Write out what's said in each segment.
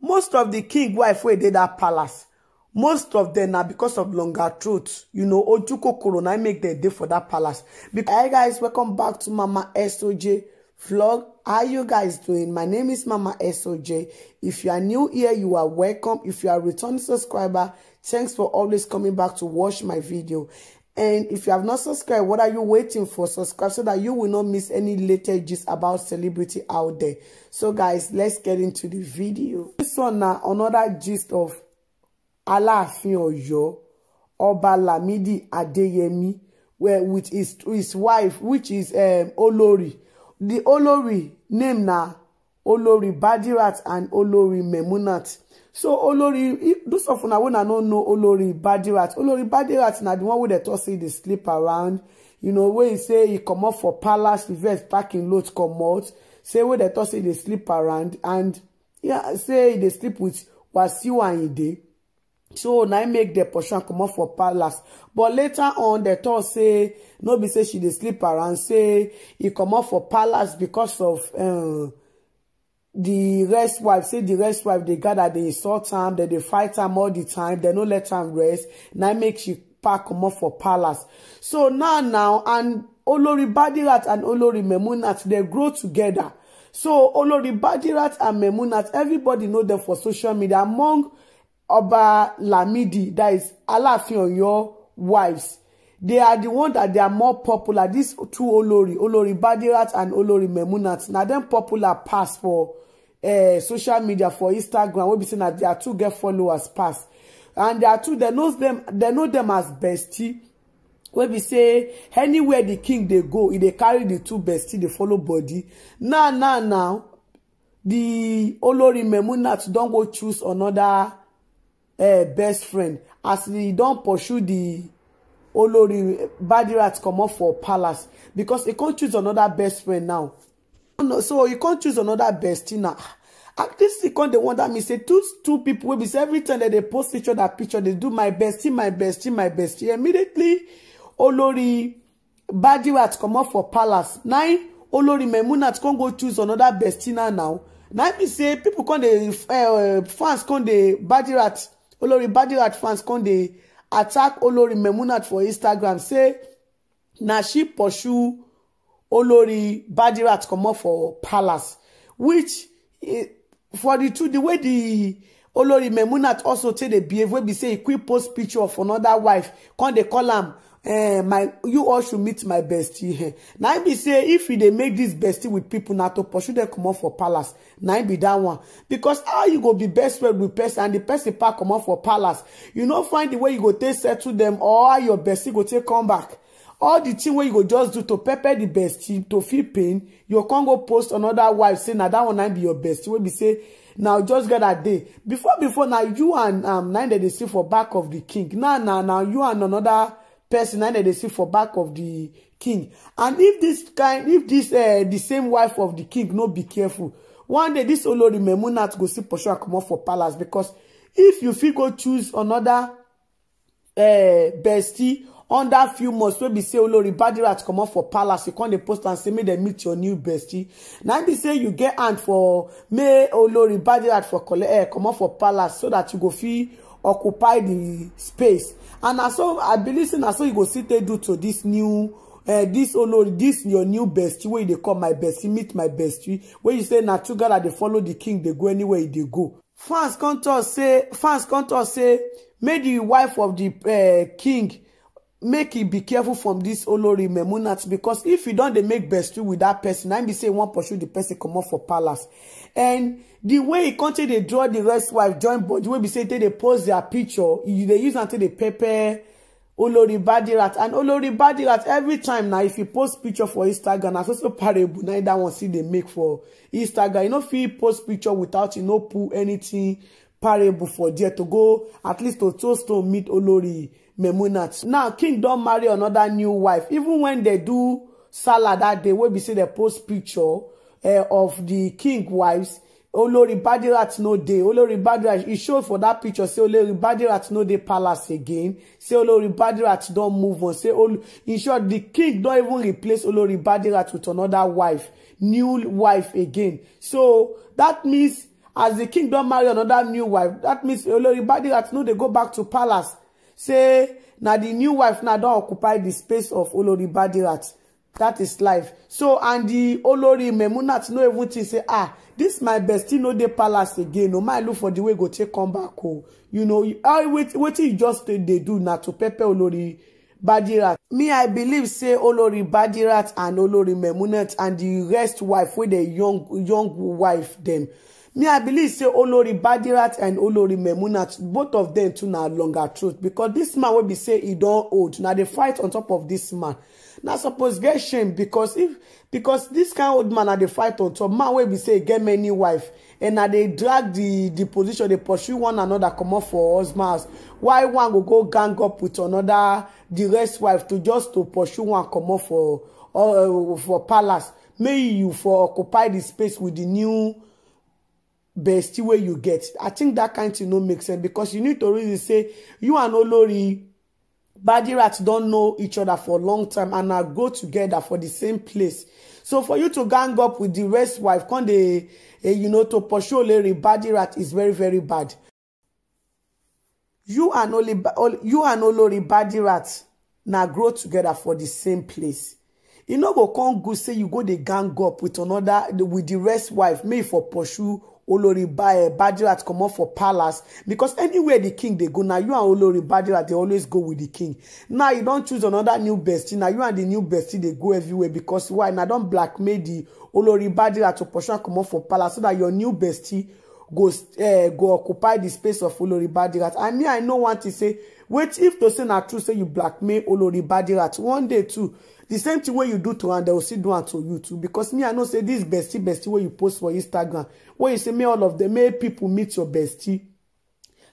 most of the king wife wey dey that palace most of them na because of longer throat you know ojukokoro na make dem dey for that palace Hey guys welcome back to mama soj vlog how you guys doing my name is mama soj if you are new here you are welcome if you are returning subscriber thanks for always coming back to watch my video And if you have not subscribed, what are you waiting for? Subscribe so that you will not miss any latest gist about celebrity out there. So guys, let's get into the video. This one now, another gist of Aláàfin Ọ̀yọ́, Oba Lamidi Adeyemi, where with his his wife, which is um, Olori. The Olori name now Olori Badirat and Olori Memunat so olori those of una wey na no know olori badirat olori badirat na the one wey dem talk say dey sleep around you know where he say he come comot for palace event parking lot come out say wey dem talk say e dey sleep around and yeah, say e dey sleep with wasiu ayinde so na im make the pursue come comot for palace but later on dem talk say no be say she dey sleep around say he come comot for palace because of. um, The rest wife say the rest wife dey gather they insult am dem they fight am all the time they no let am rest Now make she pack comot for palace so now now and olori badirat and olori memunat they grow together. so olori badirat and memunat everybody know them for social media among oba lamidi that is on your wives they are the one that they are more popular these two olori olori badirat and olori memunat now them popular pass for uh, social media for instagram wey be seeing that there are two girl followers pass and there are two They know them as bestie wey be say anywhere the king they go if they carry the two bestie they follow body now now now di olori memunat don't go choose anoda eh, best friend as they don't pursue di olori badirat up for palace because they can't choose another best friend now know so you can't choose another bestie ah, now At this second, con dey wonder me say two two people will be say time that they post each other picture they do my bestie my bestie my bestie immediately olori come up for palace nine olori memunat con go choose another bestie now Now im be say pipo con dey eh, fans con dey badirat olori rat fans con the attack olori memunat for instagram say now she pursue Olori Badirat come up for palace, which eh, for the two the way the Olori Memunat also take the behave wey be say e quick post picture of another wife, come dey call am eh my you all should meet my bestie here na be say if you dey make this bestie with people na to pursue dem comot for palace na im be that one because how you go be best friend with person and the person pack comot for palace you no find the way you go take settle them or how your bestie go take come back all the thing wey you go just do to pepper the bestie to feel pain you con go post another wife say na that one na be your bestie wey be say now just get that day before before na you and um nine dem dey see for back of the king now now now you and another person nine dem dey see for back of the king and if this kind if this uh di same wife of the king no be careful one day dis olori memunat go see poshua comot for palace because if you fit go choose another uh bestie under few months wey be say olori badirat comot for palace you come dey post am say make dem meet your new bestie na be say you get hand for may olori badirat for eh, comot for palace so that you go fit occupy di space and na so i believe say na so you go still take do to this new eh, dis olori this your new bestie wey you dey call my bestie meet my bestie wey you say na togeda dey follow the king dey go anywhere e dey go fans come talk say fans come talk say "May the wife of di eh, king make he be careful from this olori memunat because if he don't, they make bestie with that person na im be say one wan pursue di person up for palace and the way he conte they draw the rest wife join the way e be say they dey post dia picture they e use until dey paper olori badirat and olori badirat every time Now if you post picture for instagram na so so parable na that one see they make for instagram you no fit post picture without you know pull anything parable for there to go at least to toast to meet Olori Memunat. Now King don't marry another new wife. Even when they do Salah that day, wey be say they post picture uh, of the king wives, Olori Badirat no day. Olori Badirat, e show for that picture say Olori Badirat no dey palace again. Say Olori Badirat don't move on. Say Ol in short, the king don't even replace Olori Badirat with another wife, new wife again. So that means as the king don marry another new wife that means olori badirat no dey go back to palace say na the new wife now don occupy the space of olori badirat That is life so and the olori memunat no even think say ah this my bestie no dey palace again o my look for the way e go take come back o you know wetin you e just dey do na to pepper olori badirat me i believe say olori badirat and olori memunat and the rest wife wey dey young young wife dem me i believe say olori badirat and olori memunat both of them too na longer truth because this man wey be say he don old na dey fight on top of this man na suppose get shame because if because this kind old man na dey fight on top man wey be say e get many wife and na dey drag the the position dey pursue one another comot for husband house while one go go gang up with another the rest wife to just to pursue one comot for uh, for palace may you for occupy the space with the new Best wey you get i think that kind thing no make sense because you need to reason say you and olori badirat don know each other for long time and na go together for the same place so for you to gang up with the rest wife con dey eh, you know to pursue olori badirat is very very bad you and olori badirat na grow together for the same place e no go come good say you go dey gang up with another with the rest wife make for pursue olori bajirat eh, comot for palace because anywhere the king dey go na you and olori bajirat dey always go with the king now you don choose another new bestie na you and the new bestie dey go everywhere because why na don blackmail the olori bajirat to pursue comot for palace so that your new bestie go eh, go occupy the space of olori badirat I mean, i no want to say wait if to say na true say you blackmail olori badirat one day too the same thing wey you do to and they will see do to you too because me i know say this bestie bestie wey you post for instagram where you say me all of dem may people meet your bestie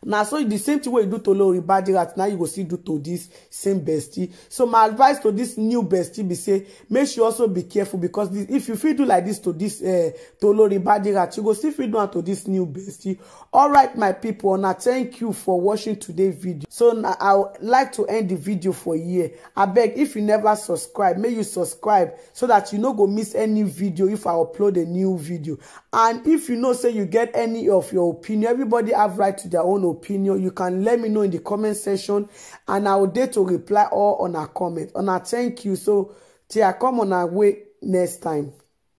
Now, so the same thing you do to olori badirat now you go see do to this same bestie so my advice to this new bestie be say make sure you also be careful because this, if you feel do like this to this uh, to olori badirat you go see if you do am to this new bestie all right my people Now thank you for watching today's video so na i like to end the video for here beg if you never subscribe may you subscribe so that you no go miss any video if i upload a new video and if you know say you get any of your opinion everybody have right to their own opinion opinion. You can let me know in the comment section and I will dare to reply all on our comment. And I thank you. So till I come on our way next time.